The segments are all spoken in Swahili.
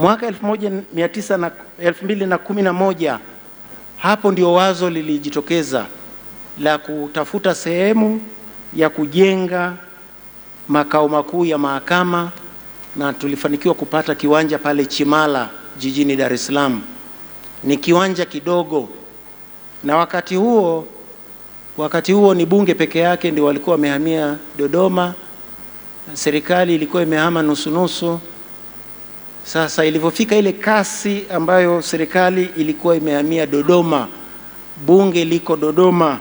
Mwaka moja hapo ndio wazo lilijitokeza la kutafuta sehemu ya kujenga makao makuu ya mahakama na tulifanikiwa kupata kiwanja pale Chimala jijini Dar es Salaam. Ni kiwanja kidogo, na wakati huo wakati huo ni bunge peke yake ndio walikuwa wamehamia Dodoma, serikali ilikuwa imehama nusunusu. Sasa ilivyofika ile kasi ambayo serikali ilikuwa imehamia Dodoma, bunge liko Dodoma,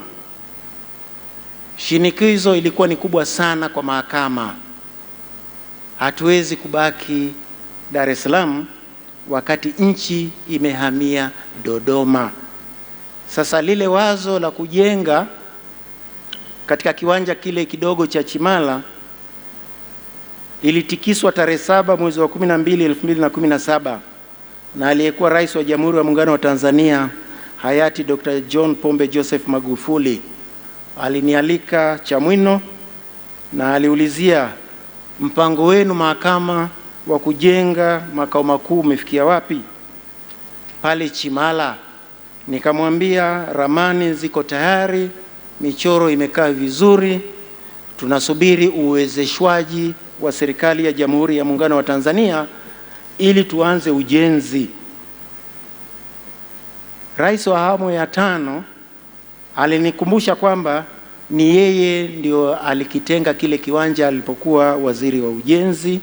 shinikizo ilikuwa ni kubwa sana kwa mahakama. Hatuwezi kubaki Dar es Salaam wakati nchi imehamia Dodoma. Sasa lile wazo la kujenga katika kiwanja kile kidogo cha Chimala ilitikiswa tarehe saba mwezi wa 12 2017 na aliyekuwa rais wa Jamhuri ya Muungano wa Tanzania hayati Dr. John Pombe Joseph Magufuli alinialika Chamwino na aliulizia mpango wenu mahakama wa kujenga makao makuu umefikia wapi pale Chimala. Nikamwambia ramani ziko tayari, michoro imekaa vizuri, tunasubiri uwezeshwaji wa serikali ya Jamhuri ya Muungano wa Tanzania ili tuanze ujenzi. Rais wa awamu ya tano alinikumbusha kwamba ni yeye ndio alikitenga kile kiwanja alipokuwa waziri wa ujenzi,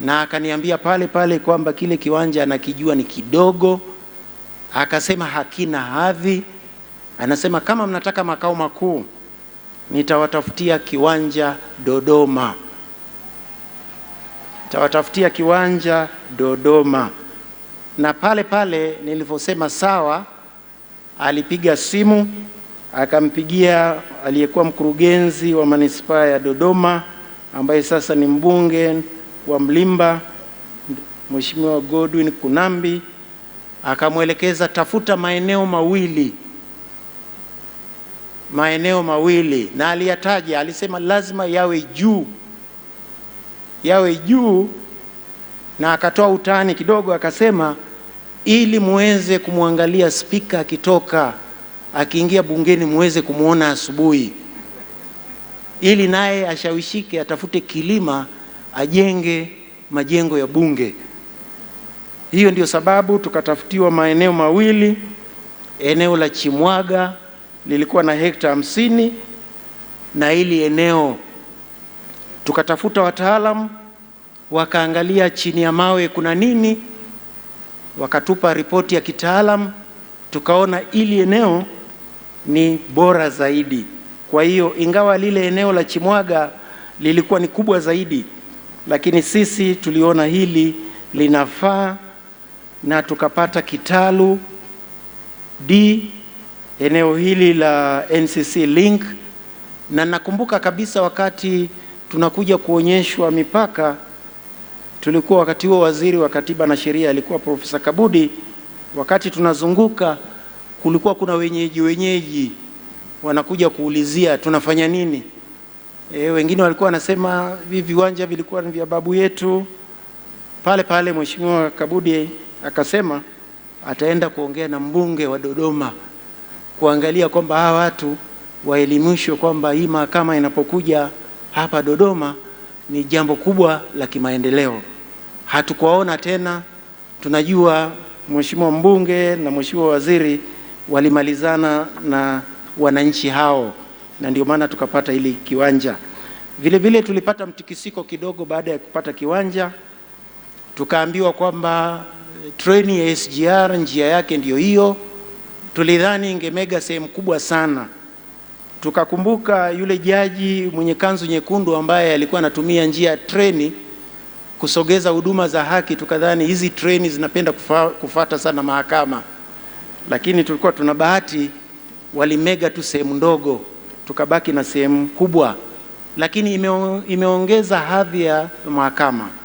na akaniambia pale pale kwamba kile kiwanja anakijua ni kidogo, akasema hakina hadhi. Anasema kama mnataka makao makuu nitawatafutia kiwanja Dodoma tawatafutia kiwanja Dodoma. Na pale pale nilivyosema sawa, alipiga simu akampigia aliyekuwa mkurugenzi wa manispaa ya Dodoma ambaye sasa ni mbunge wa Mlimba, Mheshimiwa Godwin Kunambi, akamwelekeza tafuta maeneo mawili maeneo mawili, na aliyataja, alisema lazima yawe juu yawe juu, na akatoa utani kidogo, akasema ili muweze kumwangalia spika akitoka, akiingia bungeni muweze kumwona asubuhi, ili naye ashawishike, atafute kilima, ajenge majengo ya bunge. Hiyo ndio sababu tukatafutiwa maeneo mawili. Eneo la Chimwaga lilikuwa na hekta hamsini na hili eneo Tukatafuta wataalamu wakaangalia chini ya mawe kuna nini, wakatupa ripoti ya kitaalamu, tukaona ili eneo ni bora zaidi. Kwa hiyo ingawa lile eneo la Chimwaga lilikuwa ni kubwa zaidi, lakini sisi tuliona hili linafaa na tukapata kitalu D eneo hili la NCC Link, na nakumbuka kabisa wakati tunakuja kuonyeshwa mipaka. Tulikuwa wakati huo waziri wa katiba na sheria alikuwa Profesa Kabudi. Wakati tunazunguka kulikuwa kuna wenyeji wenyeji wanakuja kuulizia tunafanya nini. E, wengine walikuwa wanasema hivi viwanja vilikuwa ni vya babu yetu. Pale pale Mheshimiwa Kabudi akasema ataenda kuongea na mbunge wa Dodoma kuangalia kwamba hawa watu waelimishwe kwamba hii mahakama inapokuja hapa Dodoma ni jambo kubwa la kimaendeleo. Hatukuwaona tena, tunajua mheshimiwa mbunge na mheshimiwa waziri walimalizana na wananchi hao, na ndio maana tukapata hili kiwanja. Vile vile tulipata mtikisiko kidogo baada ya kupata kiwanja, tukaambiwa kwamba eh, treni ya SGR njia yake ndiyo hiyo. Tulidhani ingemega sehemu kubwa sana tukakumbuka yule jaji mwenye kanzu nyekundu ambaye alikuwa anatumia njia ya treni kusogeza huduma za haki, tukadhani hizi treni zinapenda kufa, kufata sana mahakama, lakini tulikuwa tuna bahati, walimega tu sehemu ndogo, tukabaki na sehemu kubwa, lakini imeongeza hadhi ya mahakama.